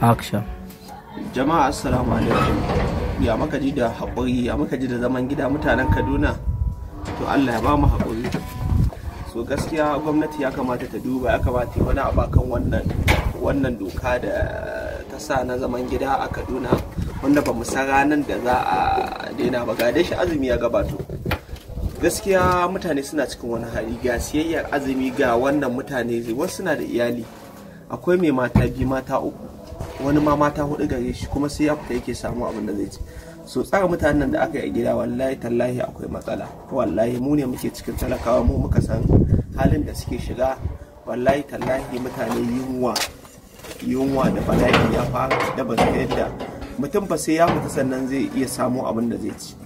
action jama'a assalamu alaikum ya maka ji da haƙuri ya maka ji da zaman gida mutanen kaduna to allah ya ba mu haƙuri so gaskiya gwamnati ya kamata ta duba ya kamata wani abakan wannan wannan doka da ta sa na zaman gida a kaduna wanda ba san ranar da za a daina ba ga shi azumi ya gabato gaskiya mutane suna cikin wani hali ga siyayyar azumi ga wannan mutane wasu suna da iyali akwai mai mata biyu mata uku wani ma mata hudu gare shi kuma sai ya fita yake samu abin da zai ci so tsara mutanen da aka yi a gida wallahi tallahi akwai matsala wallahi mu ne muke cikin talakawa mu muka san halin da suke shiga wallahi tallahi mutane yunwa yunwa da bala'i ya fara da ba yadda mutum ba sai ya mutu sannan zai iya samu abin da zai ci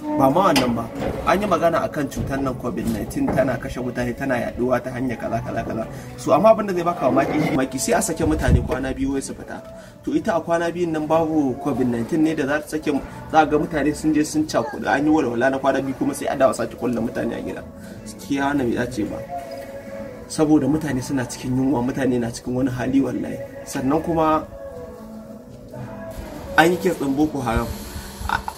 ba ma wannan ba an yi magana akan cutar nan covid-19 tana kashe mutane tana yaduwa ta hanyar kala-kala-kala. so amma abin da zai baka mamaki maki sai a sake mutane kwana biyu wai su fita to ita a kwana biyun nan babu covid-19 ne da za ta sake za ga mutane sun je sun da an yi walwala na kwana biyu kuma sai a dawo sake kulla mutane a gida gaskiya wannan bai dace ba saboda mutane suna cikin yunwa mutane na cikin wani hali wallahi sannan kuma an yi kitsin boko haram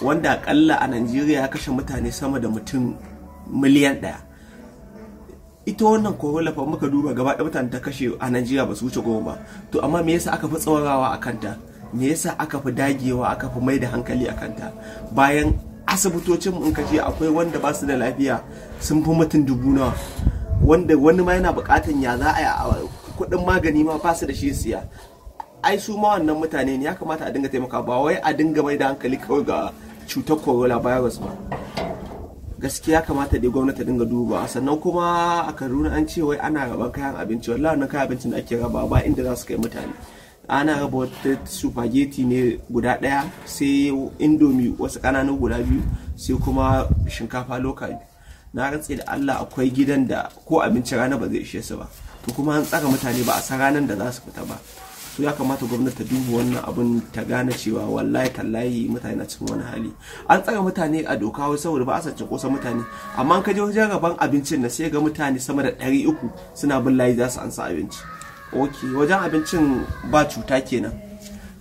wanda akalla a najeriya ya kashe mutane sama da mutum miliyan ɗaya ita wannan corona fa muka duba gaba da mutane ta kashe a najeriya ba su wuce goma ba to amma me yasa aka fi tsawarawa a kanta me yasa aka fi dagewa aka fi mai da hankali a kanta bayan asibitocin mun kaje akwai wanda ba su da lafiya sun fi mutum dubu nawa wanda wani ma yana bukatan ya za a yi a kuɗin magani ma ba su da shi siya ai su ma wannan mutane ne ya kamata a dinga taimaka ba wai a dinga mai da hankali kawai ga cutar coronavirus ba gaskiya kamata dai gwamnati dinga duba sannan kuma a kaduna an ce wai ana raban kayan abinci Wala na kayan abincin da ake raba ba inda za su kai mutane ana raba wata supageti ne guda ɗaya sai indomi wasu ƙananan guda biyu sai kuma shinkafa lokal na rantse da allah akwai gidan da ko abinci rana ba zai ishe su ba to kuma an tsara mutane ba a san ranar da za su fita ba su ya kamata gwamnati ta duba wannan abin ta gane cewa wallahi tallahi mutane na cikin wani hali an tsaga mutane a doka wai saboda ba a sace kosa mutane amma ka je wajen gaban abincin na sai ga mutane sama da ɗari uku suna bin layi za su ansa abinci ok wajen abincin ba cuta kenan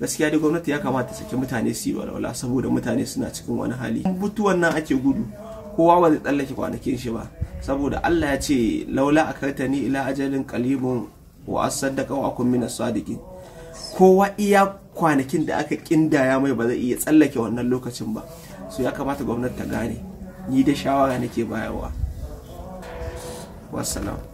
gaskiya dai gwamnati ya kamata saki mutane su yi walwala saboda mutane suna cikin wani hali mutuwan nan ake gudu kowa ba zai tsallake kwanakin shi ba saboda Allah ya ce laula a ni ila ajalin qalibun wa asaddaka wa akun minas sadiqin kowa iya kwanakin da aka kindaya mai ba zai iya tsallake wannan lokacin ba so ya kamata gwamnati ta gane ni da shawara nake bayarwa wassalam